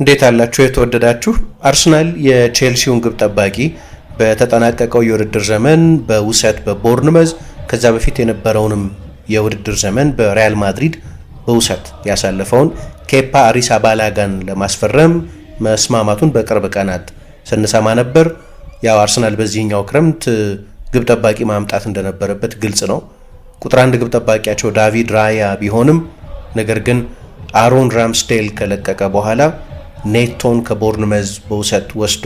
እንዴት አላችሁ የተወደዳችሁ አርሰናል የቼልሲውን ግብ ጠባቂ በተጠናቀቀው የውድድር ዘመን በውሰት በቦርንመዝ ከዛ በፊት የነበረውንም የውድድር ዘመን በሪያል ማድሪድ በውሰት ያሳለፈውን ኬፓ አሪሳ ባላጋን ለማስፈረም መስማማቱን በቅርብ ቀናት ስንሰማ ነበር። ያው አርሰናል በዚህኛው ክረምት ግብ ጠባቂ ማምጣት እንደነበረበት ግልጽ ነው። ቁጥር አንድ ግብ ጠባቂያቸው ዳቪድ ራያ ቢሆንም ነገር ግን አሮን ራምስዴል ከለቀቀ በኋላ ኔቶን ከቦርንመዝ በውሰት ወስዶ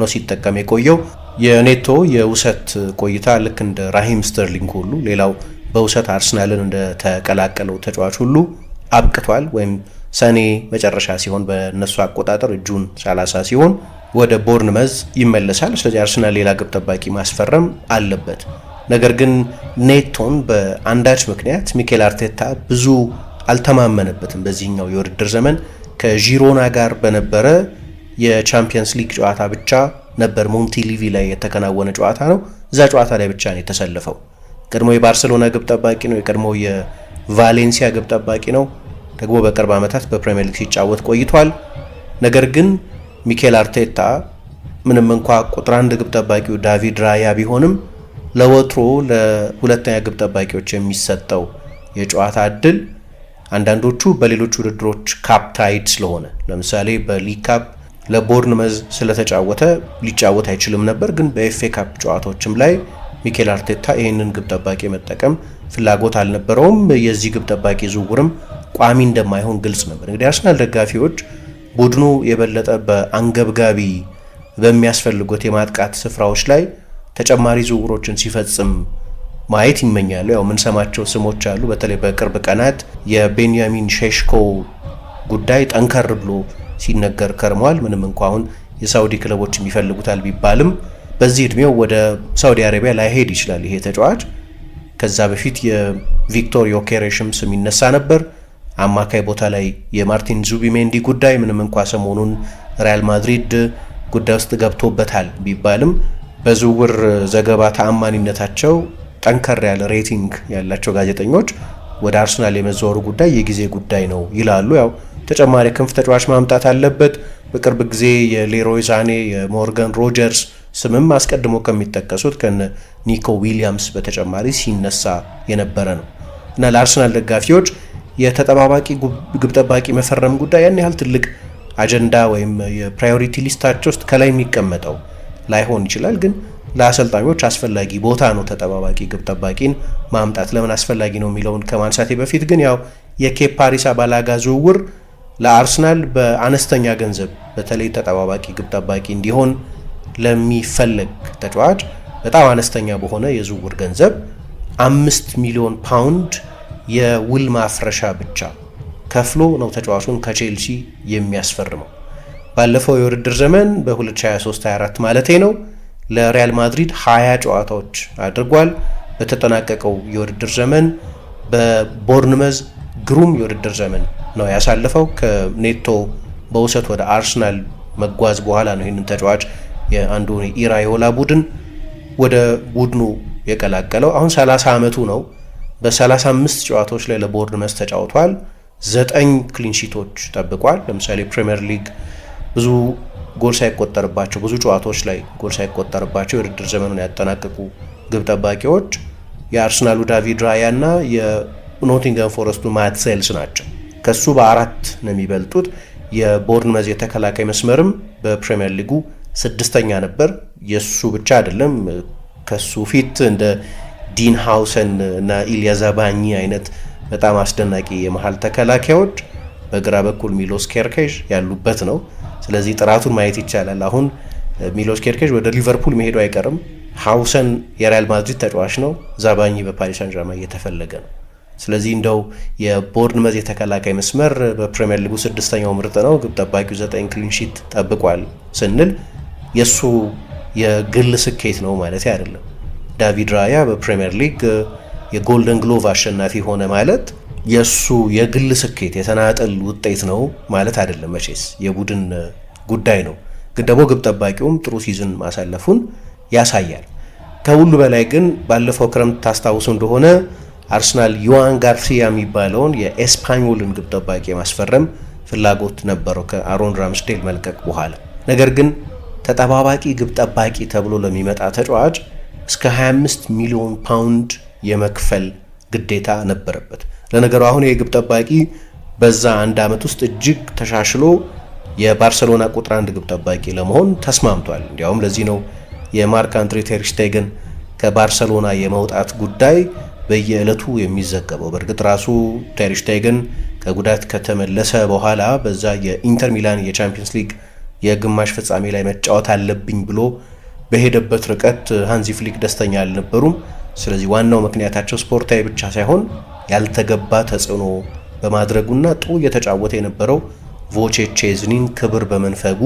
ነው ሲጠቀም የቆየው። የኔቶ የውሰት ቆይታ ልክ እንደ ራሂም ስተርሊንግ ሁሉ ሌላው በውሰት አርሰናልን እንደተቀላቀለው ተጫዋች ሁሉ አብቅቷል። ወይም ሰኔ መጨረሻ ሲሆን በእነሱ አቆጣጠር ጁን 30 ሲሆን ወደ ቦርንመዝ ይመለሳል። ስለዚህ አርሰናል ሌላ ግብ ጠባቂ ማስፈረም አለበት። ነገር ግን ኔቶን በአንዳች ምክንያት ሚኬል አርቴታ ብዙ አልተማመነበትም በዚህኛው የውድድር ዘመን ከዢሮና ጋር በነበረ የቻምፒየንስ ሊግ ጨዋታ ብቻ ነበር። ሞንቴሊቪ ላይ የተከናወነ ጨዋታ ነው። እዛ ጨዋታ ላይ ብቻ ነው የተሰለፈው። ቀድሞ የባርሴሎና ግብ ጠባቂ ነው። የቀድሞ የቫሌንሲያ ግብ ጠባቂ ነው። ደግሞ በቅርብ ዓመታት በፕሪሚየር ሊግ ሲጫወት ቆይቷል። ነገር ግን ሚኬል አርቴታ ምንም እንኳ ቁጥር አንድ ግብ ጠባቂው ዳቪድ ራያ ቢሆንም ለወትሮ ለሁለተኛ ግብ ጠባቂዎች የሚሰጠው የጨዋታ እድል አንዳንዶቹ በሌሎች ውድድሮች ካፕ ታይድ ስለሆነ ለምሳሌ በሊግ ካፕ መዝ ስለተጫወተ ሊጫወት አይችልም ነበር። ግን በኤፍኤ ካፕ ጨዋታዎችም ላይ ሚኬል አርቴታ ይህንን ግብ ጠባቂ መጠቀም ፍላጎት አልነበረውም። የዚህ ግብ ጠባቂ ዝውውርም ቋሚ እንደማይሆን ግልጽ ነበር። እንግዲህ አርሰናል ደጋፊዎች ቡድኑ የበለጠ በአንገብጋቢ በሚያስፈልጉት የማጥቃት ስፍራዎች ላይ ተጨማሪ ዝውውሮችን ሲፈጽም ማየት ይመኛሉ። ያው የምንሰማቸው ስሞች አሉ። በተለይ በቅርብ ቀናት የቤንያሚን ሼሽኮ ጉዳይ ጠንከር ብሎ ሲነገር ከርሟል። ምንም እንኳ አሁን የሳውዲ ክለቦች የሚፈልጉታል ቢባልም በዚህ እድሜው ወደ ሳውዲ አረቢያ ላይሄድ ይችላል ይሄ ተጫዋች። ከዛ በፊት የቪክቶር ዮኬሬሽም ስም ይነሳ ነበር። አማካይ ቦታ ላይ የማርቲን ዙቢሜንዲ ጉዳይ ምንም እንኳ ሰሞኑን ሪያል ማድሪድ ጉዳይ ውስጥ ገብቶበታል ቢባልም በዝውውር ዘገባ ተአማኒነታቸው ጠንከር ያለ ሬቲንግ ያላቸው ጋዜጠኞች ወደ አርሰናል የመዘወሩ ጉዳይ የጊዜ ጉዳይ ነው ይላሉ። ያው ተጨማሪ ክንፍ ተጫዋች ማምጣት አለበት። በቅርብ ጊዜ የሌሮይ ዛኔ የሞርጋን ሮጀርስ ስምም አስቀድሞ ከሚጠቀሱት ከነ ኒኮ ዊሊያምስ በተጨማሪ ሲነሳ የነበረ ነው እና ለአርሰናል ደጋፊዎች የተጠባባቂ ግብ ጠባቂ መፈረም ጉዳይ ያን ያህል ትልቅ አጀንዳ ወይም የፕራዮሪቲ ሊስታቸው ውስጥ ከላይ የሚቀመጠው ላይሆን ይችላል ግን ለአሰልጣኞች አስፈላጊ ቦታ ነው ተጠባባቂ ግብ ጠባቂን ማምጣት። ለምን አስፈላጊ ነው የሚለውን ከማንሳቴ በፊት ግን ያው የኬፕ የኬፓ አሪዛባላጋ ዝውውር ለአርሰናል በአነስተኛ ገንዘብ በተለይ ተጠባባቂ ግብ ጠባቂ እንዲሆን ለሚፈለግ ተጫዋች በጣም አነስተኛ በሆነ የዝውውር ገንዘብ አምስት ሚሊዮን ፓውንድ የውል ማፍረሻ ብቻ ከፍሎ ነው ተጫዋቹን ከቼልሲ የሚያስፈርመው። ባለፈው የውድድር ዘመን በ2023/24 ማለቴ ነው ለሪያል ማድሪድ 20 ጨዋታዎች አድርጓል። በተጠናቀቀው የውድድር ዘመን በቦርንመዝ ግሩም የውድድር ዘመን ነው ያሳለፈው። ከኔቶ በውሰት ወደ አርሰናል መጓዝ በኋላ ነው ይህንን ተጫዋች የአንዶኒ ኢራዮላ ቡድን ወደ ቡድኑ የቀላቀለው። አሁን 30 ዓመቱ ነው። በ35 ጨዋታዎች ላይ ለቦርንመዝ ተጫውቷል። ዘጠኝ ክሊንሺቶች ጠብቋል። ለምሳሌ ፕሪምየር ሊግ ብዙ ጎል ሳይቆጠርባቸው ብዙ ጨዋታዎች ላይ ጎል ሳይቆጠርባቸው የውድድር ዘመኑን ያጠናቀቁ ግብ ጠባቂዎች የአርሰናሉ ዳቪድ ራያ እና የኖቲንገም ፎረስቱ ማት ሴልስ ናቸው። ከሱ በአራት ነው የሚበልጡት። የቦርንመዝ የተከላካይ መስመርም በፕሪምየር ሊጉ ስድስተኛ ነበር። የእሱ ብቻ አይደለም፣ ከሱ ፊት እንደ ዲን ሃውሰን እና ኢልያ ዛባኒ አይነት በጣም አስደናቂ የመሀል ተከላካዮች በግራ በኩል ሚሎስ ኬርኬሽ ያሉበት ነው። ስለዚህ ጥራቱን ማየት ይቻላል። አሁን ሚሎስ ኬርኬዥ ወደ ሊቨርፑል መሄዱ አይቀርም። ሀውሰን የሪያል ማድሪድ ተጫዋች ነው። ዛባኝ በፓሪስ ሳን ጀርማ እየተፈለገ ነው። ስለዚህ እንደው የቦርንመዝ የተከላካይ መስመር በፕሪሚየር ሊጉ ስድስተኛው ምርጥ ነው። ግብ ጠባቂው ዘጠኝ ክሊንሺት ጠብቋል ስንል የእሱ የግል ስኬት ነው ማለት አይደለም። ዳቪድ ራያ በፕሪሚየር ሊግ የጎልደን ግሎቭ አሸናፊ ሆነ ማለት የእሱ የግል ስኬት የተናጠል ውጤት ነው ማለት አይደለም። መቼስ የቡድን ጉዳይ ነው። ግን ደግሞ ግብ ጠባቂውም ጥሩ ሲዝን ማሳለፉን ያሳያል። ከሁሉ በላይ ግን ባለፈው ክረምት ታስታውሱ እንደሆነ አርሰናል ዮዋን ጋርሲያ የሚባለውን የኤስፓኞልን ግብ ጠባቂ ማስፈረም ፍላጎት ነበረው ከአሮን ራምስዴል መልቀቅ በኋላ። ነገር ግን ተጠባባቂ ግብ ጠባቂ ተብሎ ለሚመጣ ተጫዋች እስከ 25 ሚሊዮን ፓውንድ የመክፈል ግዴታ ነበረበት። ለነገሩ አሁን የግብ ጠባቂ በዛ አንድ ዓመት ውስጥ እጅግ ተሻሽሎ የባርሰሎና ቁጥር አንድ ግብ ጠባቂ ለመሆን ተስማምቷል። እንዲያውም ለዚህ ነው የማርክ አንድሬ ተር ከባርሰሎና የመውጣት ጉዳይ በየዕለቱ የሚዘገበው። በእርግጥ ራሱ ተር ከጉዳት ከተመለሰ በኋላ በዛ የኢንተር ሚላን የቻምፒየንስ ሊግ የግማሽ ፍጻሜ ላይ መጫወት አለብኝ ብሎ በሄደበት ርቀት ሃንዚ ፍሊክ ደስተኛ አልነበሩም። ስለዚህ ዋናው ምክንያታቸው ስፖርታዊ ብቻ ሳይሆን ያልተገባ ተጽዕኖ በማድረጉና ጥሩ እየተጫወተ የነበረው ቮቼቼዝኒን ክብር በመንፈጉ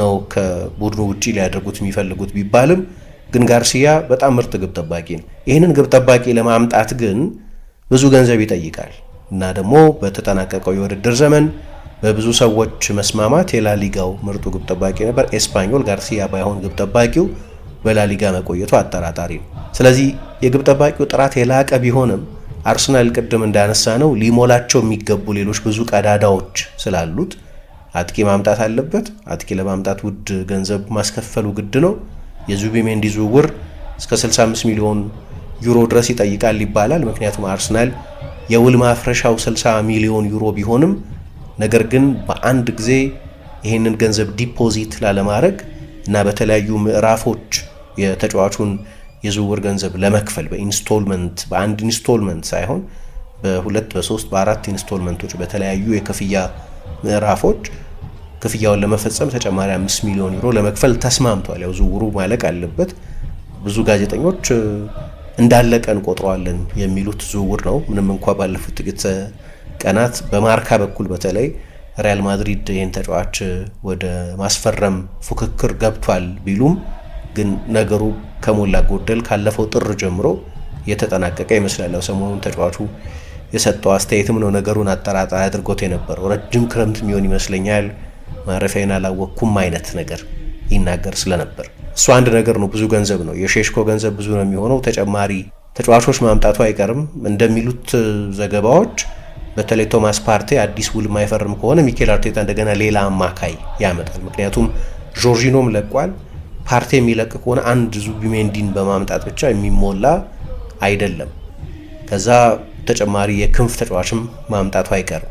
ነው ከቡድኑ ውጪ ሊያደርጉት የሚፈልጉት ቢባልም ግን ጋርሲያ በጣም ምርጥ ግብ ጠባቂ ነው። ይህንን ግብ ጠባቂ ለማምጣት ግን ብዙ ገንዘብ ይጠይቃል እና ደግሞ በተጠናቀቀው የውድድር ዘመን በብዙ ሰዎች መስማማት የላሊጋው ምርጡ ግብ ጠባቂ ነበር። ኤስፓኞል ጋርሲያ ባይሆን ግብ ጠባቂው በላሊጋ መቆየቱ አጠራጣሪ ነው። ስለዚህ የግብ ጠባቂው ጥራት የላቀ ቢሆንም አርሰናል ቅድም እንዳነሳ ነው ሊሞላቸው የሚገቡ ሌሎች ብዙ ቀዳዳዎች ስላሉት አጥቂ ማምጣት አለበት። አጥቂ ለማምጣት ውድ ገንዘብ ማስከፈሉ ግድ ነው። የዙቢሜንዲ ዝውውር እስከ 65 ሚሊዮን ዩሮ ድረስ ይጠይቃል ይባላል። ምክንያቱም አርሰናል የውል ማፍረሻው 60 ሚሊዮን ዩሮ ቢሆንም ነገር ግን በአንድ ጊዜ ይህንን ገንዘብ ዲፖዚት ላለማድረግ እና በተለያዩ ምዕራፎች የተጫዋቹን የዝውውር ገንዘብ ለመክፈል በኢንስቶልመንት በአንድ ኢንስቶልመንት ሳይሆን በሁለት በሶስት በአራት ኢንስቶልመንቶች በተለያዩ የክፍያ ምዕራፎች ክፍያውን ለመፈጸም ተጨማሪ አምስት ሚሊዮን ዩሮ ለመክፈል ተስማምቷል። ያው ዝውውሩ ማለቅ አለበት። ብዙ ጋዜጠኞች እንዳለቀን ቆጥረዋለን የሚሉት ዝውውር ነው። ምንም እንኳ ባለፉት ጥቂት ቀናት በማርካ በኩል በተለይ ሪያል ማድሪድ ይህን ተጫዋች ወደ ማስፈረም ፉክክር ገብቷል ቢሉም ግን ነገሩ ከሞላ ጎደል ካለፈው ጥር ጀምሮ የተጠናቀቀ ይመስላል። ያው ሰሞኑን ተጫዋቹ የሰጠው አስተያየትም ነው ነገሩን አጠራጣሪ አድርጎት የነበረው ረጅም ክረምት የሚሆን ይመስለኛል ማረፊያን አላወቅኩም አይነት ነገር ይናገር ስለነበር እሱ አንድ ነገር ነው። ብዙ ገንዘብ ነው የሼሽኮ ገንዘብ ብዙ ነው የሚሆነው። ተጨማሪ ተጫዋቾች ማምጣቱ አይቀርም እንደሚሉት ዘገባዎች። በተለይ ቶማስ ፓርቴ አዲስ ውል ማይፈርም ከሆነ ሚኬል አርቴታ እንደገና ሌላ አማካይ ያመጣል። ምክንያቱም ጆርጂኖም ለቋል። ፓርቴ የሚለቅ ከሆነ አንድ ዙቢሜንዲን በማምጣት ብቻ የሚሞላ አይደለም። ከዛ ተጨማሪ የክንፍ ተጫዋችም ማምጣቱ አይቀርም።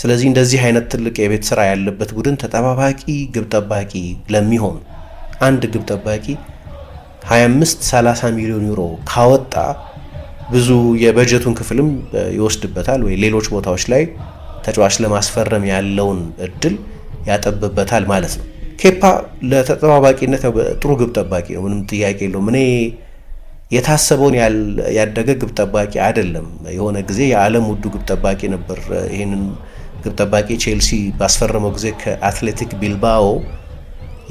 ስለዚህ እንደዚህ አይነት ትልቅ የቤት ስራ ያለበት ቡድን ተጠባባቂ ግብ ጠባቂ ለሚሆን አንድ ግብ ጠባቂ 25 30 ሚሊዮን ዩሮ ካወጣ ብዙ የበጀቱን ክፍልም ይወስድበታል ወይ ሌሎች ቦታዎች ላይ ተጫዋች ለማስፈረም ያለውን እድል ያጠብበታል ማለት ነው። ኬፓ ለተጠባባቂነት ጥሩ ግብ ጠባቂ ነው፣ ምንም ጥያቄ የለውም። እኔ የታሰበውን ያደገ ግብ ጠባቂ አይደለም። የሆነ ጊዜ የዓለም ውዱ ግብ ጠባቂ ነበር። ይህንን ግብ ጠባቂ ቼልሲ ባስፈረመው ጊዜ ከአትሌቲክ ቢልባኦ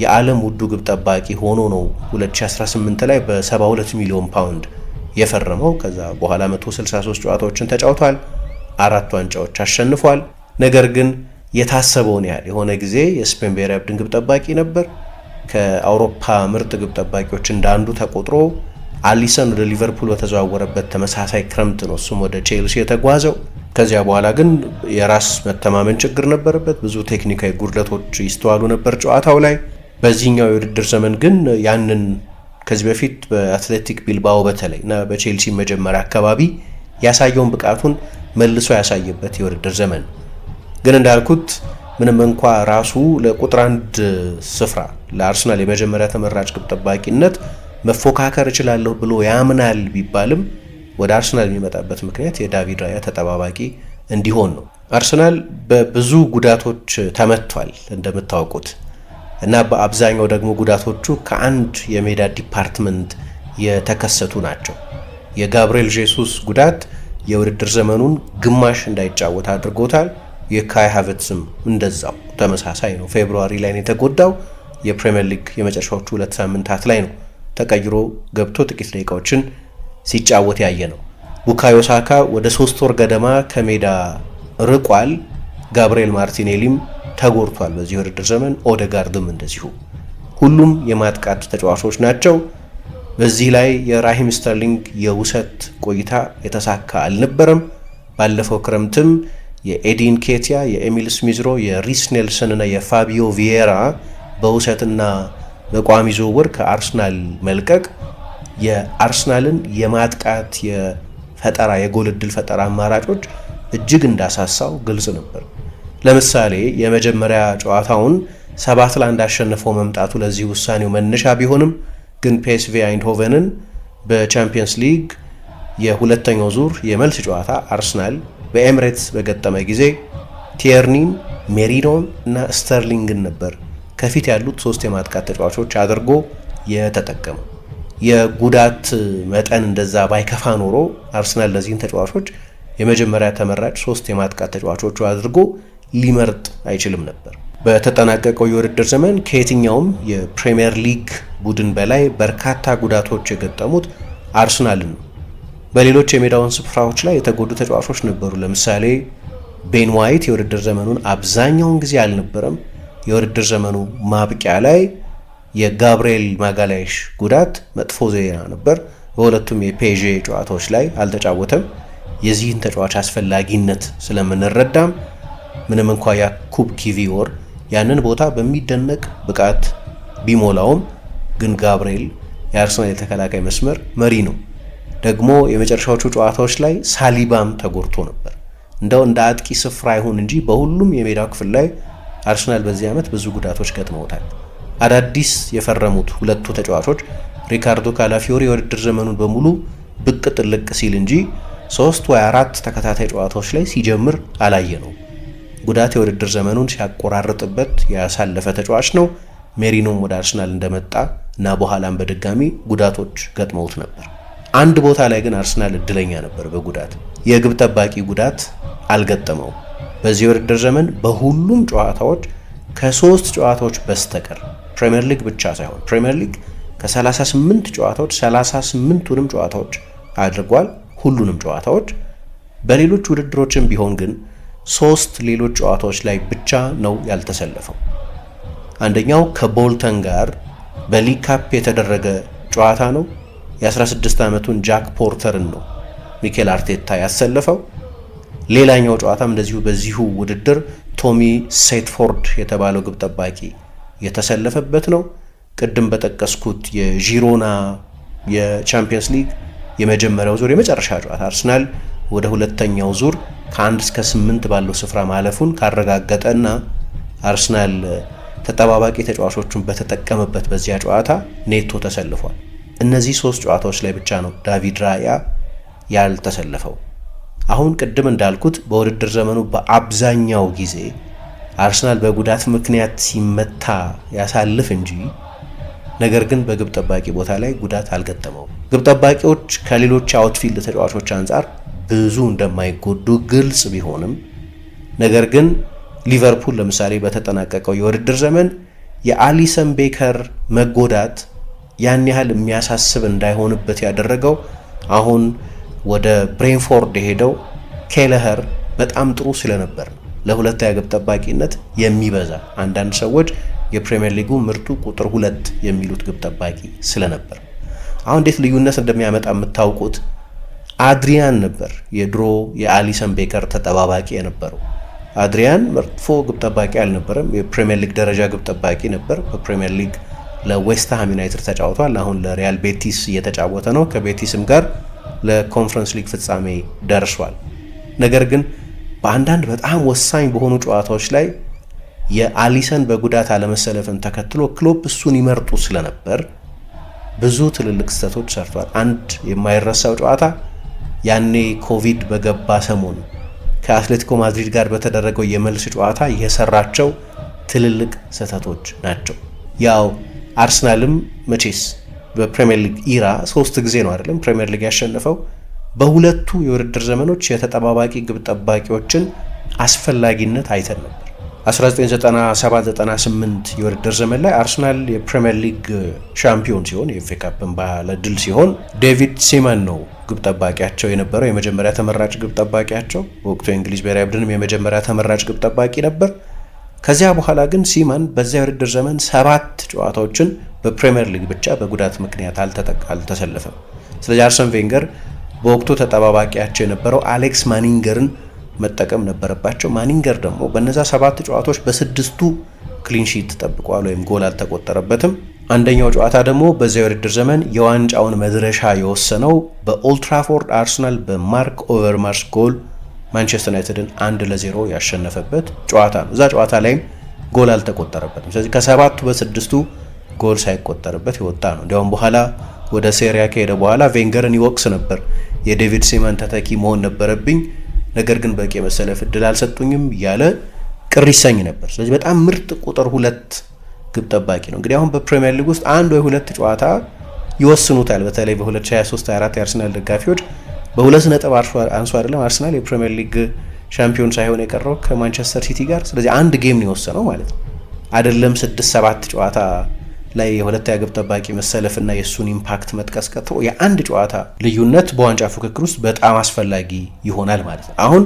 የዓለም ውዱ ግብ ጠባቂ ሆኖ ነው 2018 ላይ በ72 ሚሊዮን ፓውንድ የፈረመው። ከዛ በኋላ 163 ጨዋታዎችን ተጫውቷል፣ አራት ዋንጫዎች አሸንፏል። ነገር ግን የታሰበውን ያህል የሆነ ጊዜ የስፔን ብሔራዊ ቡድን ግብ ጠባቂ ነበር። ከአውሮፓ ምርጥ ግብ ጠባቂዎች እንደ አንዱ ተቆጥሮ አሊሰን ወደ ሊቨርፑል በተዘዋወረበት ተመሳሳይ ክረምት ነው እሱም ወደ ቼልሲ የተጓዘው። ከዚያ በኋላ ግን የራስ መተማመን ችግር ነበረበት። ብዙ ቴክኒካዊ ጉድለቶች ይስተዋሉ ነበር ጨዋታው ላይ። በዚህኛው የውድድር ዘመን ግን ያንን ከዚህ በፊት በአትሌቲክ ቢልባኦ በተለይ እና በቼልሲ መጀመሪያ አካባቢ ያሳየውን ብቃቱን መልሶ ያሳየበት የውድድር ዘመን ነው። ግን እንዳልኩት ምንም እንኳ ራሱ ለቁጥር አንድ ስፍራ ለአርሰናል የመጀመሪያ ተመራጭ ግብ ጠባቂነት መፎካከር እችላለሁ ብሎ ያምናል ቢባልም ወደ አርሰናል የሚመጣበት ምክንያት የዳቪድ ራያ ተጠባባቂ እንዲሆን ነው። አርሰናል በብዙ ጉዳቶች ተመቷል እንደምታውቁት እና በአብዛኛው ደግሞ ጉዳቶቹ ከአንድ የሜዳ ዲፓርትመንት የተከሰቱ ናቸው። የጋብርኤል ጄሱስ ጉዳት የውድድር ዘመኑን ግማሽ እንዳይጫወት አድርጎታል። የካይ ሃቨትስም እንደዛው ተመሳሳይ ነው። ፌብሩዋሪ ላይ ነው የተጎዳው። የፕሪምየር ሊግ የመጨረሻዎቹ ሁለት ሳምንታት ላይ ነው ተቀይሮ ገብቶ ጥቂት ደቂቃዎችን ሲጫወት ያየ ነው። ቡካዮ ሳካ ወደ ሶስት ወር ገደማ ከሜዳ ርቋል። ጋብርኤል ማርቲኔሊም ተጎድቷል በዚህ ውድድር ዘመን፣ ኦደጋርድም እንደዚሁ። ሁሉም የማጥቃት ተጫዋቾች ናቸው። በዚህ ላይ የራሂም ስተርሊንግ የውሰት ቆይታ የተሳካ አልነበረም። ባለፈው ክረምትም የኤዲን ኬቲያ፣ የኤሚል ስሚዝሮ፣ የሪስ ኔልሰንና የፋቢዮ ቪየራ በውሰትና በቋሚ ዝውውር ከአርሰናል መልቀቅ የአርሰናልን የማጥቃት የፈጠራ የጎል እድል ፈጠራ አማራጮች እጅግ እንዳሳሳው ግልጽ ነበር። ለምሳሌ የመጀመሪያ ጨዋታውን ሰባት ለአንድ አሸንፈው መምጣቱ ለዚህ ውሳኔው መነሻ ቢሆንም ግን ፒኤስቪ አይንድሆቨንን በቻምፒየንስ ሊግ የሁለተኛው ዙር የመልስ ጨዋታ አርሰናል በኤምሬትስ በገጠመ ጊዜ ቲየርኒን፣ ሜሪኖን እና ስተርሊንግን ነበር ከፊት ያሉት ሶስት የማጥቃት ተጫዋቾች አድርጎ የተጠቀመው። የጉዳት መጠን እንደዛ ባይከፋ ኖሮ አርሰናል እነዚህን ተጫዋቾች የመጀመሪያ ተመራጭ ሶስት የማጥቃት ተጫዋቾቹ አድርጎ ሊመርጥ አይችልም ነበር። በተጠናቀቀው የውድድር ዘመን ከየትኛውም የፕሪምየር ሊግ ቡድን በላይ በርካታ ጉዳቶች የገጠሙት አርሰናልን ነው። በሌሎች የሜዳውን ስፍራዎች ላይ የተጎዱ ተጫዋቾች ነበሩ። ለምሳሌ ቤን ዋይት የውድድር ዘመኑን አብዛኛውን ጊዜ አልነበረም። የውድድር ዘመኑ ማብቂያ ላይ የጋብርኤል ማጋላይሽ ጉዳት መጥፎ ዜና ነበር። በሁለቱም የፔዤ ጨዋታዎች ላይ አልተጫወተም። የዚህን ተጫዋች አስፈላጊነት ስለምንረዳም ምንም እንኳ ያኩብ ኪቪወር ያንን ቦታ በሚደነቅ ብቃት ቢሞላውም ግን ጋብርኤል የአርሰናል የተከላካይ መስመር መሪ ነው። ደግሞ የመጨረሻዎቹ ጨዋታዎች ላይ ሳሊባም ተጎድቶ ነበር። እንደው እንደ አጥቂ ስፍራ ይሁን እንጂ በሁሉም የሜዳው ክፍል ላይ አርሰናል በዚህ ዓመት ብዙ ጉዳቶች ገጥመውታል። አዳዲስ የፈረሙት ሁለቱ ተጫዋቾች ሪካርዶ ካላፊዮሪ የውድድር ዘመኑን በሙሉ ብቅ ጥልቅ ሲል እንጂ ሶስት ወይ አራት ተከታታይ ጨዋታዎች ላይ ሲጀምር አላየ ነው። ጉዳት የውድድር ዘመኑን ሲያቆራርጥበት ያሳለፈ ተጫዋች ነው። ሜሪኖም ወደ አርሰናል እንደመጣ እና በኋላም በድጋሚ ጉዳቶች ገጥመውት ነበር። አንድ ቦታ ላይ ግን አርሰናል እድለኛ ነበር። በጉዳት የግብ ጠባቂ ጉዳት አልገጠመው። በዚህ ውድድር ዘመን በሁሉም ጨዋታዎች ከሶስት ጨዋታዎች በስተቀር ፕሪምየር ሊግ ብቻ ሳይሆን ፕሪምየር ሊግ ከ38 ጨዋታዎች 38ቱንም ጨዋታዎች አድርጓል። ሁሉንም ጨዋታዎች በሌሎች ውድድሮችም ቢሆን ግን ሶስት ሌሎች ጨዋታዎች ላይ ብቻ ነው ያልተሰለፈው። አንደኛው ከቦልተን ጋር በሊግ ካፕ የተደረገ ጨዋታ ነው። የ16 ዓመቱን ጃክ ፖርተርን ነው ሚኬል አርቴታ ያሰለፈው። ሌላኛው ጨዋታም እንደዚሁ በዚሁ ውድድር ቶሚ ሴትፎርድ የተባለው ግብ ጠባቂ የተሰለፈበት ነው። ቅድም በጠቀስኩት የዢሮና የቻምፒየንስ ሊግ የመጀመሪያው ዙር የመጨረሻ ጨዋታ አርሰናል ወደ ሁለተኛው ዙር ከአንድ እስከ ስምንት ባለው ስፍራ ማለፉን ካረጋገጠ እና አርሰናል ተጠባባቂ ተጫዋቾቹን በተጠቀመበት በዚያ ጨዋታ ኔቶ ተሰልፏል። እነዚህ ሶስት ጨዋታዎች ላይ ብቻ ነው ዳቪድ ራያ ያልተሰለፈው። አሁን ቅድም እንዳልኩት በውድድር ዘመኑ በአብዛኛው ጊዜ አርሰናል በጉዳት ምክንያት ሲመታ ያሳልፍ እንጂ ነገር ግን በግብ ጠባቂ ቦታ ላይ ጉዳት አልገጠመው። ግብ ጠባቂዎች ከሌሎች አውትፊልድ ተጫዋቾች አንጻር ብዙ እንደማይጎዱ ግልጽ ቢሆንም ነገር ግን ሊቨርፑል ለምሳሌ በተጠናቀቀው የውድድር ዘመን የአሊሰን ቤከር መጎዳት ያን ያህል የሚያሳስብ እንዳይሆንበት ያደረገው አሁን ወደ ብሬንፎርድ የሄደው ኬለኸር በጣም ጥሩ ስለነበር ለሁለት ግብ ጠባቂነት የሚበዛ አንዳንድ ሰዎች የፕሪምየር ሊጉ ምርጡ ቁጥር ሁለት የሚሉት ግብ ጠባቂ ስለነበር አሁን እንዴት ልዩነት እንደሚያመጣ የምታውቁት አድሪያን ነበር። የድሮ የአሊሰን ቤከር ተጠባባቂ የነበረው አድሪያን መጥፎ ግብ ጠባቂ አልነበረም። የፕሪምየር ሊግ ደረጃ ግብ ጠባቂ ነበር። በፕሪምየር ሊግ ለዌስትሃም ዩናይትድ ተጫውቷል። አሁን ለሪያል ቤቲስ እየተጫወተ ነው። ከቤቲስም ጋር ለኮንፈረንስ ሊግ ፍጻሜ ደርሷል። ነገር ግን በአንዳንድ በጣም ወሳኝ በሆኑ ጨዋታዎች ላይ የአሊሰን በጉዳት አለመሰለፍን ተከትሎ ክሎፕ እሱን ይመርጡ ስለነበር ብዙ ትልልቅ ስህተቶች ሰርቷል። አንድ የማይረሳው ጨዋታ ያኔ ኮቪድ በገባ ሰሞን ከአትሌቲኮ ማድሪድ ጋር በተደረገው የመልስ ጨዋታ የሰራቸው ትልልቅ ስህተቶች ናቸው ያው አርሰናልም መቼስ በፕሪሚየር ሊግ ኢራ ሶስት ጊዜ ነው አይደለም ፕሪሚየር ሊግ ያሸነፈው። በሁለቱ የውድድር ዘመኖች የተጠባባቂ ግብ ጠባቂዎችን አስፈላጊነት አይተን ነበር። 1997/98 የውድድር ዘመን ላይ አርሰናል የፕሪሚየር ሊግ ሻምፒዮን ሲሆን የኤፍ ካፕን ባለ ድል ሲሆን ዴቪድ ሲመን ነው ግብ ጠባቂያቸው የነበረው የመጀመሪያ ተመራጭ ግብ ጠባቂያቸው። በወቅቱ የእንግሊዝ ብሔራዊ ቡድንም የመጀመሪያ ተመራጭ ግብ ጠባቂ ነበር። ከዚያ በኋላ ግን ሲማን በዚያ ውድድር ዘመን ሰባት ጨዋታዎችን በፕሪምየር ሊግ ብቻ በጉዳት ምክንያት አልተሰለፈም። ስለዚህ አርሰን ቬንገር በወቅቱ ተጠባባቂያቸው የነበረው አሌክስ ማኒንገርን መጠቀም ነበረባቸው። ማኒንገር ደግሞ በነዛ ሰባት ጨዋታዎች በስድስቱ ክሊንሺት ተጠብቋል ወይም ጎል አልተቆጠረበትም። አንደኛው ጨዋታ ደግሞ በዚያ ውድድር ዘመን የዋንጫውን መድረሻ የወሰነው በኦልትራፎርድ አርሰናል በማርክ ኦቨርማርስ ጎል ማንቸስተር ዩናይትድን አንድ ለዜሮ ያሸነፈበት ጨዋታ ነው። እዛ ጨዋታ ላይም ጎል አልተቆጠረበትም። ስለዚህ ከሰባቱ በስድስቱ ጎል ሳይቆጠርበት የወጣ ነው። እንዲያውም በኋላ ወደ ሴሪያ ከሄደ በኋላ ቬንገርን ይወቅስ ነበር። የዴቪድ ሲመን ተተኪ መሆን ነበረብኝ፣ ነገር ግን በቂ የመሰለፍ እድል አልሰጡኝም እያለ ቅር ይሰኝ ነበር። ስለዚህ በጣም ምርጥ ቁጥር ሁለት ግብ ጠባቂ ነው። እንግዲህ አሁን በፕሪሚየር ሊግ ውስጥ አንድ ወይ ሁለት ጨዋታ ይወስኑታል። በተለይ በ2023/24 የአርሰናል ደጋፊዎች በሁለት ነጥብ አንሶ አይደለም አርሰናል የፕሪሚየር ሊግ ሻምፒዮን ሳይሆን የቀረው ከማንቸስተር ሲቲ ጋር። ስለዚህ አንድ ጌም ነው የወሰነው ማለት ነው አይደለም ስድስት ሰባት ጨዋታ ላይ የሁለተኛ ግብ ጠባቂ መሰለፍና የእሱን ኢምፓክት መጥቀስ ቀጥሎ የአንድ ጨዋታ ልዩነት በዋንጫ ፉክክር ውስጥ በጣም አስፈላጊ ይሆናል ማለት ነው። አሁን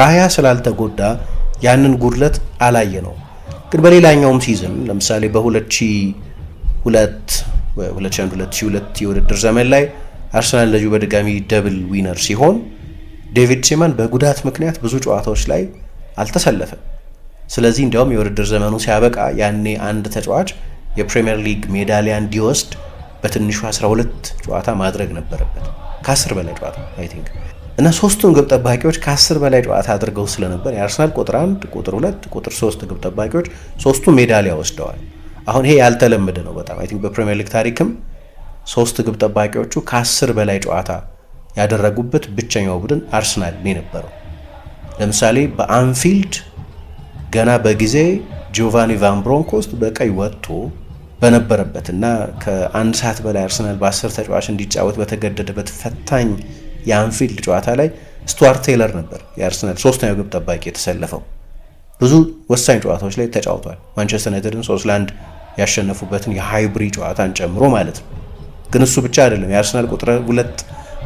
ራያ ስላልተጎዳ ያንን ጉድለት አላየ ነው። ግን በሌላኛውም ሲዝን ለምሳሌ በ2002 2002 የውድድር ዘመን ላይ አርሰናል ለጁ በድጋሚ ደብል ዊነር ሲሆን ዴቪድ ሲማን በጉዳት ምክንያት ብዙ ጨዋታዎች ላይ አልተሰለፈም። ስለዚህ እንዲያውም የውድድር ዘመኑ ሲያበቃ ያኔ አንድ ተጫዋች የፕሪምየር ሊግ ሜዳሊያ እንዲወስድ በትንሹ 12 ጨዋታ ማድረግ ነበረበት። ከ10 በላይ ጨዋታ አይ ቲንክ እና ሶስቱን ግብ ጠባቂዎች ከ10 በላይ ጨዋታ አድርገው ስለነበር የአርሰናል ቁጥር 1፣ ቁጥር 2፣ ቁጥር 3 ግብ ጠባቂዎች ሶስቱ ሜዳሊያ ወስደዋል። አሁን ይሄ ያልተለመደ ነው በጣም አይ ቲንክ በፕሪምየር ሊግ ታሪክም ሶስት ግብ ጠባቂዎቹ ከአስር በላይ ጨዋታ ያደረጉበት ብቸኛው ቡድን አርሰናል የነበረው። ለምሳሌ በአንፊልድ ገና በጊዜ ጂዮቫኒ ቫን ብሮንኮስት በቀይ ወጥቶ በነበረበት እና ከአንድ ሰዓት በላይ አርሰናል በአስር ተጫዋች እንዲጫወት በተገደደበት ፈታኝ የአንፊልድ ጨዋታ ላይ ስቱዋርት ቴይለር ነበር የአርሰናል ሶስተኛው ግብ ጠባቂ የተሰለፈው። ብዙ ወሳኝ ጨዋታዎች ላይ ተጫውቷል። ማንቸስተር ዩናይትድን ሶስት ለአንድ ያሸነፉበትን የሃይብሪ ጨዋታን ጨምሮ ማለት ነው። ግን እሱ ብቻ አይደለም። የአርሰናል ቁጥር ሁለት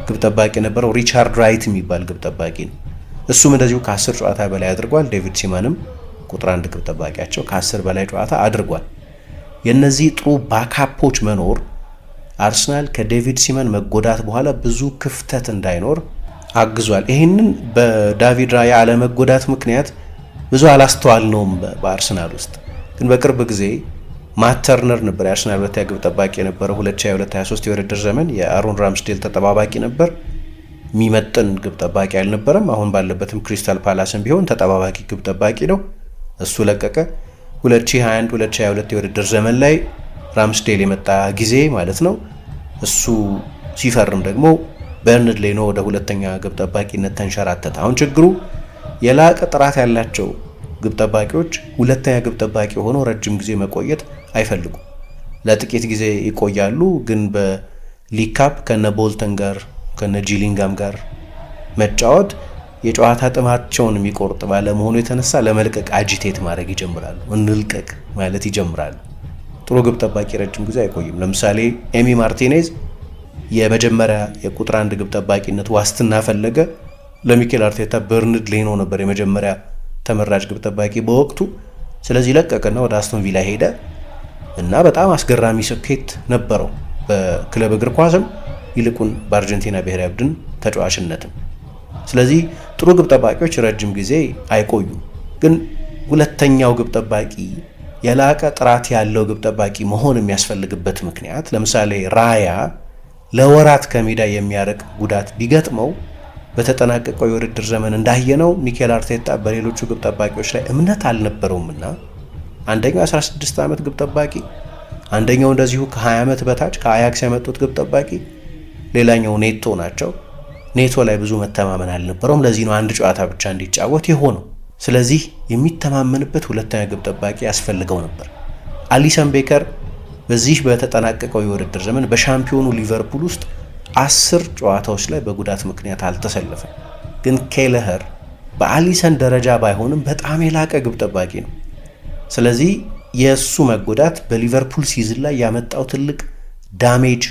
ግብ ጠባቂ የነበረው ሪቻርድ ራይት የሚባል ግብ ጠባቂ ነው። እሱም እንደዚሁ ከአስር ጨዋታ በላይ አድርጓል። ዴቪድ ሲማንም ቁጥር አንድ ግብ ጠባቂያቸው ከአስር በላይ ጨዋታ አድርጓል። የእነዚህ ጥሩ ባካፖች መኖር አርሰናል ከዴቪድ ሲመን መጎዳት በኋላ ብዙ ክፍተት እንዳይኖር አግዟል። ይህንን በዳቪድ ራያ አለመጎዳት ምክንያት ብዙ አላስተዋል ነውም በአርሰናል ውስጥ ግን በቅርብ ጊዜ ማተርነር ነበር የአርሰናል ሁለተኛ ግብ ጠባቂ የነበረው 2022/23 የውድድር ዘመን የአሮን ራምስዴል ተጠባባቂ ነበር። የሚመጥን ግብ ጠባቂ አልነበረም። አሁን ባለበትም ክሪስታል ፓላስን ቢሆን ተጠባባቂ ግብ ጠባቂ ነው። እሱ ለቀቀ። 2021/2022 የውድድር ዘመን ላይ ራምስዴል የመጣ ጊዜ ማለት ነው። እሱ ሲፈርም ደግሞ በርንድ ሌኖ ወደ ሁለተኛ ግብ ጠባቂነት ተንሸራተተ። አሁን ችግሩ የላቀ ጥራት ያላቸው ግብ ጠባቂዎች ሁለተኛ ግብ ጠባቂ ሆኖ ረጅም ጊዜ መቆየት አይፈልጉም። ለጥቂት ጊዜ ይቆያሉ፣ ግን በሊካፕ ከነ ቦልተን ጋር ከነ ጂሊንጋም ጋር መጫወት የጨዋታ ጥማቸውን የሚቆርጥ ባለመሆኑ የተነሳ ለመልቀቅ አጂቴት ማድረግ ይጀምራሉ። እንልቀቅ ማለት ይጀምራሉ። ጥሩ ግብ ጠባቂ ረጅም ጊዜ አይቆይም። ለምሳሌ ኤሚ ማርቲኔዝ የመጀመሪያ የቁጥር አንድ ግብ ጠባቂነት ዋስትና ፈለገ። ለሚኬል አርቴታ በርንድ ሌኖ ነበር የመጀመሪያ ተመራጭ ግብ ጠባቂ በወቅቱ። ስለዚህ ለቀቀና ወደ አስቶን ቪላ ሄደ። እና በጣም አስገራሚ ስኬት ነበረው በክለብ እግር ኳስም ይልቁን በአርጀንቲና ብሔራዊ ቡድን ተጫዋችነትም። ስለዚህ ጥሩ ግብ ጠባቂዎች ረጅም ጊዜ አይቆዩም። ግን ሁለተኛው ግብ ጠባቂ የላቀ ጥራት ያለው ግብ ጠባቂ መሆን የሚያስፈልግበት ምክንያት ለምሳሌ ራያ ለወራት ከሜዳ የሚያርቅ ጉዳት ቢገጥመው በተጠናቀቀው የውድድር ዘመን እንዳየነው ሚኬል አርቴታ በሌሎቹ ግብ ጠባቂዎች ላይ እምነት አልነበረውምና አንደኛው 16 ዓመት ግብ ጠባቂ፣ አንደኛው እንደዚሁ ከ20 ዓመት በታች ከአያክስ ያመጡት ግብ ጠባቂ፣ ሌላኛው ኔቶ ናቸው። ኔቶ ላይ ብዙ መተማመን አልነበረውም። ለዚህ ነው አንድ ጨዋታ ብቻ እንዲጫወት የሆነው። ስለዚህ የሚተማመንበት ሁለተኛ ግብ ጠባቂ ያስፈልገው ነበር። አሊሰን ቤከር በዚህ በተጠናቀቀው የውድድር ዘመን በሻምፒዮኑ ሊቨርፑል ውስጥ አስር ጨዋታዎች ላይ በጉዳት ምክንያት አልተሰለፈም። ግን ኬለኸር በአሊሰን ደረጃ ባይሆንም በጣም የላቀ ግብ ጠባቂ ነው። ስለዚህ የእሱ መጎዳት በሊቨርፑል ሲዝን ላይ ያመጣው ትልቅ ዳሜጅ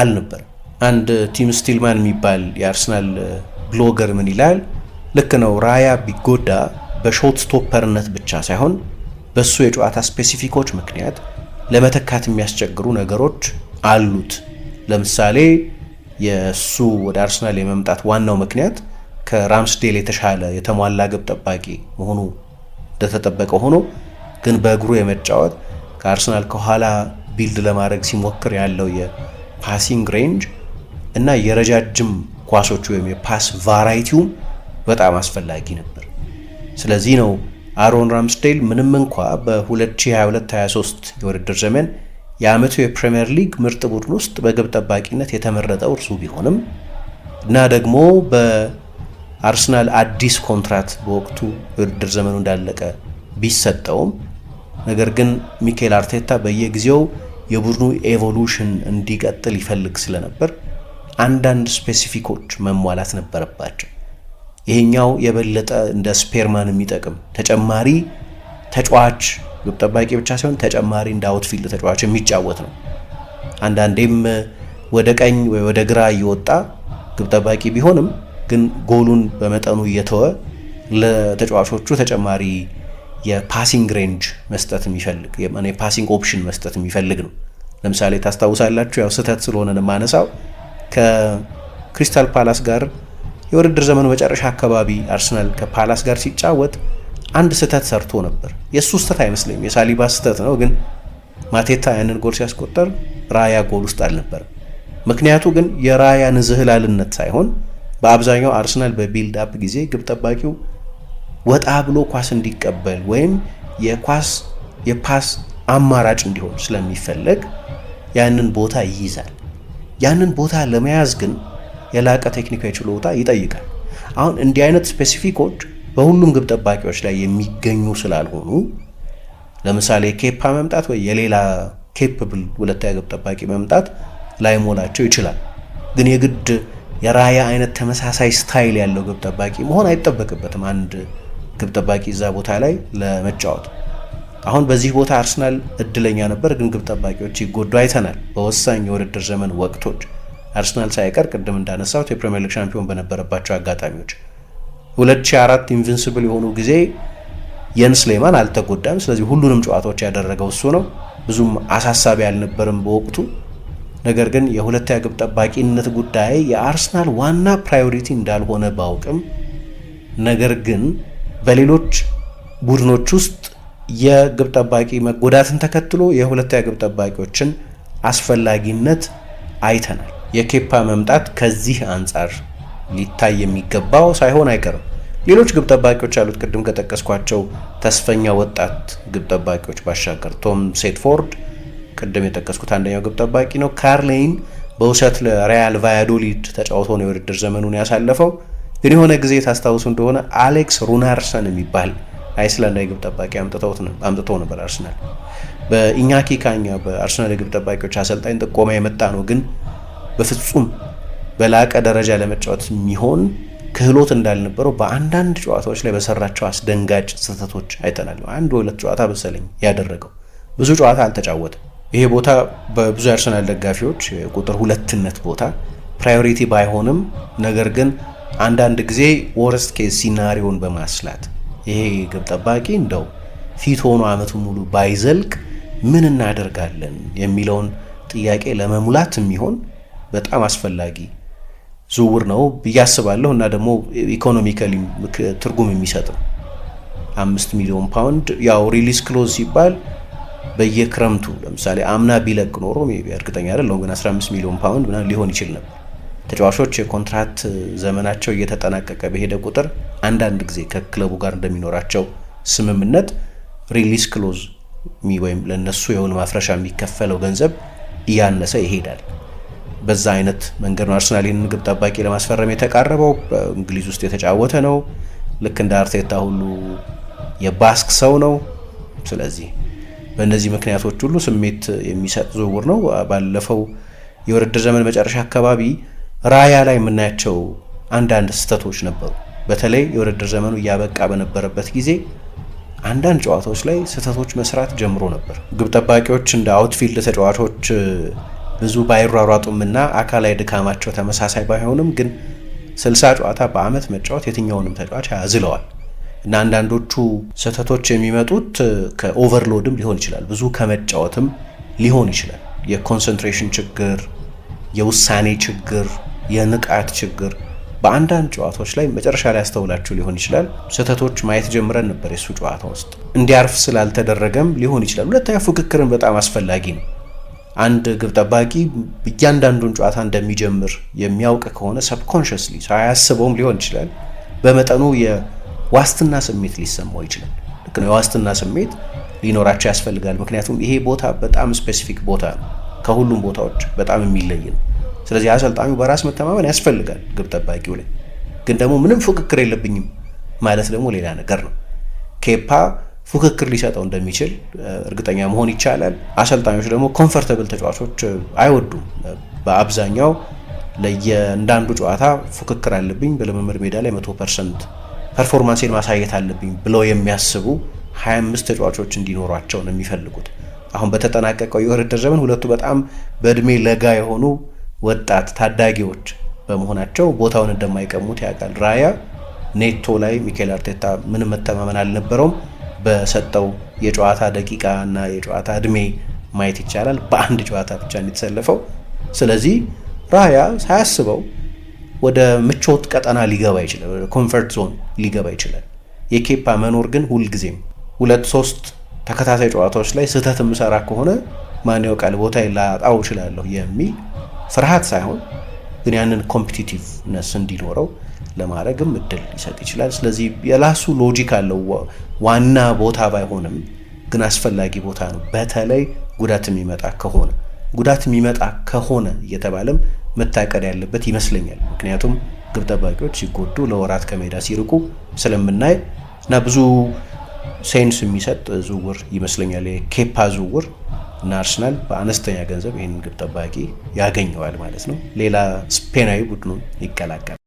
አልነበርም። አንድ ቲም ስቲልማን የሚባል የአርሰናል ብሎገር ምን ይላል? ልክ ነው ራያ ቢጎዳ በሾት ስቶፐርነት ብቻ ሳይሆን በእሱ የጨዋታ ስፔሲፊኮች ምክንያት ለመተካት የሚያስቸግሩ ነገሮች አሉት። ለምሳሌ የእሱ ወደ አርሰናል የመምጣት ዋናው ምክንያት ከራምስዴል የተሻለ የተሟላ ግብ ጠባቂ መሆኑ እንደተጠበቀ ሆኖ ግን በእግሩ የመጫወት ከአርሰናል ከኋላ ቢልድ ለማድረግ ሲሞክር ያለው የፓሲንግ ሬንጅ እና የረጃጅም ኳሶች ወይም የፓስ ቫራይቲውም በጣም አስፈላጊ ነበር። ስለዚህ ነው አሮን ራምስዴል ምንም እንኳ በ2022/23 የውድድር ዘመን የአመቱ የፕሪምየር ሊግ ምርጥ ቡድን ውስጥ በግብ ጠባቂነት የተመረጠው እርሱ ቢሆንም እና ደግሞ በአርሰናል አዲስ ኮንትራት በወቅቱ የውድድር ዘመኑ እንዳለቀ ቢሰጠውም ነገር ግን ሚካኤል አርቴታ በየጊዜው የቡድኑ ኤቮሉሽን እንዲቀጥል ይፈልግ ስለነበር አንዳንድ ስፔሲፊኮች መሟላት ነበረባቸው። ይሄኛው የበለጠ እንደ ስፔርማን የሚጠቅም ተጨማሪ ተጫዋች ግብ ጠባቂ ብቻ ሳይሆን ተጨማሪ እንደ አውትፊልድ ተጫዋች የሚጫወት ነው። አንዳንዴም ወደ ቀኝ ወይ ወደ ግራ እየወጣ ግብ ጠባቂ ቢሆንም ግን ጎሉን በመጠኑ እየተወ ለተጫዋቾቹ ተጨማሪ የፓሲንግ ሬንጅ መስጠት የሚፈልግ የፓሲንግ ኦፕሽን መስጠት የሚፈልግ ነው። ለምሳሌ ታስታውሳላችሁ፣ ያው ስህተት ስለሆነ የማነሳው ከክሪስታል ፓላስ ጋር የውድድር ዘመኑ መጨረሻ አካባቢ አርሰናል ከፓላስ ጋር ሲጫወት አንድ ስህተት ሰርቶ ነበር። የእሱ ስህተት አይመስለኝም፣ የሳሊባ ስህተት ነው። ግን ማቴታ ያንን ጎል ሲያስቆጠር ራያ ጎል ውስጥ አልነበርም። ምክንያቱ ግን የራያ ንዝህላልነት ሳይሆን በአብዛኛው አርሰናል በቢልድ አፕ ጊዜ ግብ ጠባቂው ወጣ ብሎ ኳስ እንዲቀበል ወይም የኳስ የፓስ አማራጭ እንዲሆን ስለሚፈለግ ያንን ቦታ ይይዛል። ያንን ቦታ ለመያዝ ግን የላቀ ቴክኒካዊ ችሎታ ይጠይቃል። አሁን እንዲህ አይነት ስፔሲፊኮች በሁሉም ግብ ጠባቂዎች ላይ የሚገኙ ስላልሆኑ ለምሳሌ ኬፓ መምጣት ወይ የሌላ ኬፕብል ሁለተኛ ግብ ጠባቂ መምጣት ላይሞላቸው ይችላል። ግን የግድ የራያ አይነት ተመሳሳይ ስታይል ያለው ግብ ጠባቂ መሆን አይጠበቅበትም አንድ ግብ ጠባቂ እዛ ቦታ ላይ ለመጫወት አሁን በዚህ ቦታ አርሰናል እድለኛ ነበር፣ ግን ግብ ጠባቂዎች ይጎዱ አይተናል። በወሳኝ የውድድር ዘመን ወቅቶች አርሰናል ሳይቀር ቅድም እንዳነሳሁት የፕሪምየር ሊግ ሻምፒዮን በነበረባቸው አጋጣሚዎች 2004 ኢንቪንስብል የሆኑ ጊዜ የን ስሌማን አልተጎዳም። ስለዚህ ሁሉንም ጨዋታዎች ያደረገው እሱ ነው። ብዙም አሳሳቢ አልነበርም በወቅቱ። ነገር ግን የሁለተኛ ግብ ጠባቂነት ጉዳይ የአርሰናል ዋና ፕራዮሪቲ እንዳልሆነ ባውቅም ነገር ግን በሌሎች ቡድኖች ውስጥ የግብ ጠባቂ መጎዳትን ተከትሎ የሁለተኛ ግብ ጠባቂዎችን አስፈላጊነት አይተናል። የኬፓ መምጣት ከዚህ አንጻር ሊታይ የሚገባው ሳይሆን አይቀርም። ሌሎች ግብ ጠባቂዎች ያሉት ቅድም ከጠቀስኳቸው ተስፈኛ ወጣት ግብ ጠባቂዎች ባሻገር ቶም ሴትፎርድ ቅድም የጠቀስኩት አንደኛው ግብ ጠባቂ ነው። ካርሌይን በውሰት ለሪያል ቫያዶሊድ ተጫውቶ ነው የውድድር ዘመኑን ያሳለፈው። ግን የሆነ ጊዜ ታስታውሱ እንደሆነ አሌክስ ሩናርሰን የሚባል አይስላንዳዊ ግብ ጠባቂ አምጥቶ ነበር አርሰናል። በኢኛኪ ካኛ በአርሰናል የግብ ጠባቂዎች አሰልጣኝ ጥቆማ የመጣ ነው። ግን በፍጹም በላቀ ደረጃ ለመጫወት የሚሆን ክህሎት እንዳልነበረው በአንዳንድ ጨዋታዎች ላይ በሰራቸው አስደንጋጭ ስህተቶች አይተናል። አንድ ሁለት ጨዋታ በሰለኝ ያደረገው ብዙ ጨዋታ አልተጫወተም። ይሄ ቦታ በብዙ የአርሰናል ደጋፊዎች ቁጥር ሁለትነት ቦታ ፕራዮሪቲ ባይሆንም ነገር ግን አንዳንድ ጊዜ ወርስት ኬስ ሲናሪዮን በማስላት ይሄ ግብ ጠባቂ እንደው ፊት ሆኖ አመቱ ሙሉ ባይዘልቅ ምን እናደርጋለን የሚለውን ጥያቄ ለመሙላት የሚሆን በጣም አስፈላጊ ዝውውር ነው ብዬ አስባለሁ እና ደግሞ ኢኮኖሚካሊ ትርጉም የሚሰጥ ነው። አምስት ሚሊዮን ፓውንድ ያው ሪሊስ ክሎዝ ሲባል በየክረምቱ ለምሳሌ አምና ቢለቅ ኖሮ እርግጠኛ አይደለሁም ግን 15 ሚሊዮን ፓውንድ ምናምን ሊሆን ይችል ነበር። ተጫዋቾች የኮንትራት ዘመናቸው እየተጠናቀቀ በሄደ ቁጥር አንዳንድ ጊዜ ከክለቡ ጋር እንደሚኖራቸው ስምምነት ሪሊስ ክሎዝ ወይም ለነሱ የውል ማፍረሻ የሚከፈለው ገንዘብ እያነሰ ይሄዳል። በዛ አይነት መንገድ ነው አርሰናል ይህንን ግብ ጠባቂ ለማስፈረም የተቃረበው። እንግሊዝ ውስጥ የተጫወተ ነው። ልክ እንደ አርቴታ ሁሉ የባስክ ሰው ነው። ስለዚህ በእነዚህ ምክንያቶች ሁሉ ስሜት የሚሰጥ ዝውውር ነው። ባለፈው የውድድር ዘመን መጨረሻ አካባቢ ራያ ላይ የምናያቸው አንዳንድ ስህተቶች ነበሩ። በተለይ የውድድር ዘመኑ እያበቃ በነበረበት ጊዜ አንዳንድ ጨዋታዎች ላይ ስህተቶች መስራት ጀምሮ ነበር። ግብ ጠባቂዎች እንደ አውትፊልድ ተጫዋቾች ብዙ ባይሯሯጡምና አካላዊ ድካማቸው ተመሳሳይ ባይሆንም ግን ስልሳ ጨዋታ በአመት መጫወት የትኛውንም ተጫዋች ያዝለዋል እና አንዳንዶቹ ስህተቶች የሚመጡት ከኦቨርሎድም ሊሆን ይችላል፣ ብዙ ከመጫወትም ሊሆን ይችላል። የኮንሰንትሬሽን ችግር፣ የውሳኔ ችግር የንቃት ችግር በአንዳንድ ጨዋታዎች ላይ መጨረሻ ላይ ያስተውላችሁ ሊሆን ይችላል። ስህተቶች ማየት ጀምረን ነበር። የሱ ጨዋታ ውስጥ እንዲያርፍ ስላልተደረገም ሊሆን ይችላል። ሁለተኛ ፉክክርን በጣም አስፈላጊ ነው። አንድ ግብ ጠባቂ እያንዳንዱን ጨዋታ እንደሚጀምር የሚያውቅ ከሆነ ሰብኮንሽስሊ ሳያስበውም ሊሆን ይችላል በመጠኑ የዋስትና ስሜት ሊሰማው ይችላል። ልክ ነው። የዋስትና ስሜት ሊኖራቸው ያስፈልጋል። ምክንያቱም ይሄ ቦታ በጣም ስፔሲፊክ ቦታ ነው። ከሁሉም ቦታዎች በጣም የሚለይ ነው። ስለዚህ አሰልጣኙ በራስ መተማመን ያስፈልጋል ግብ ጠባቂው ላይ። ግን ደግሞ ምንም ፉክክር የለብኝም ማለት ደግሞ ሌላ ነገር ነው። ኬፓ ፉክክር ሊሰጠው እንደሚችል እርግጠኛ መሆን ይቻላል። አሰልጣኞች ደግሞ ኮንፈርተብል ተጫዋቾች አይወዱም። በአብዛኛው ለእያንዳንዱ ጨዋታ ፉክክር አለብኝ፣ በልምምድ ሜዳ ላይ መቶ ፐርሰንት ፐርፎርማንሴን ማሳየት አለብኝ ብለው የሚያስቡ 25 ተጫዋቾች እንዲኖሯቸው ነው የሚፈልጉት። አሁን በተጠናቀቀው የውድድር ዘመን ሁለቱ በጣም በእድሜ ለጋ የሆኑ ወጣት ታዳጊዎች በመሆናቸው ቦታውን እንደማይቀሙት ያውቃል። ራያ ኔቶ ላይ ሚካኤል አርቴታ ምንም መተማመን አልነበረውም። በሰጠው የጨዋታ ደቂቃ እና የጨዋታ እድሜ ማየት ይቻላል። በአንድ ጨዋታ ብቻ እንደተሰለፈው። ስለዚህ ራያ ሳያስበው ወደ ምቾት ቀጠና ሊገባ ይችላል፣ ወደ ኮንፈርት ዞን ሊገባ ይችላል። የኬፓ መኖር ግን ሁልጊዜም ሁለት ሶስት ተከታታይ ጨዋታዎች ላይ ስህተት የምሰራ ከሆነ ማን ያውቃል ቦታ ላጣው እችላለሁ የሚል ፍርሃት ሳይሆን ግን ያንን ኮምፒቲቲቭነስ እንዲኖረው ለማድረግም እድል ሊሰጥ ይችላል። ስለዚህ የራሱ ሎጂክ አለው። ዋና ቦታ ባይሆንም ግን አስፈላጊ ቦታ ነው። በተለይ ጉዳት የሚመጣ ከሆነ ጉዳት የሚመጣ ከሆነ እየተባለም መታቀድ ያለበት ይመስለኛል። ምክንያቱም ግብ ጠባቂዎች ሲጎዱ ለወራት ከሜዳ ሲርቁ ስለምናይ እና ብዙ ሴንስ የሚሰጥ ዝውውር ይመስለኛል የኬፓ ዝውውር እና አርሰናል በአነስተኛ ገንዘብ ይህን ግብ ጠባቂ ያገኘዋል ማለት ነው። ሌላ ስፔናዊ ቡድኑን ይቀላቀላል።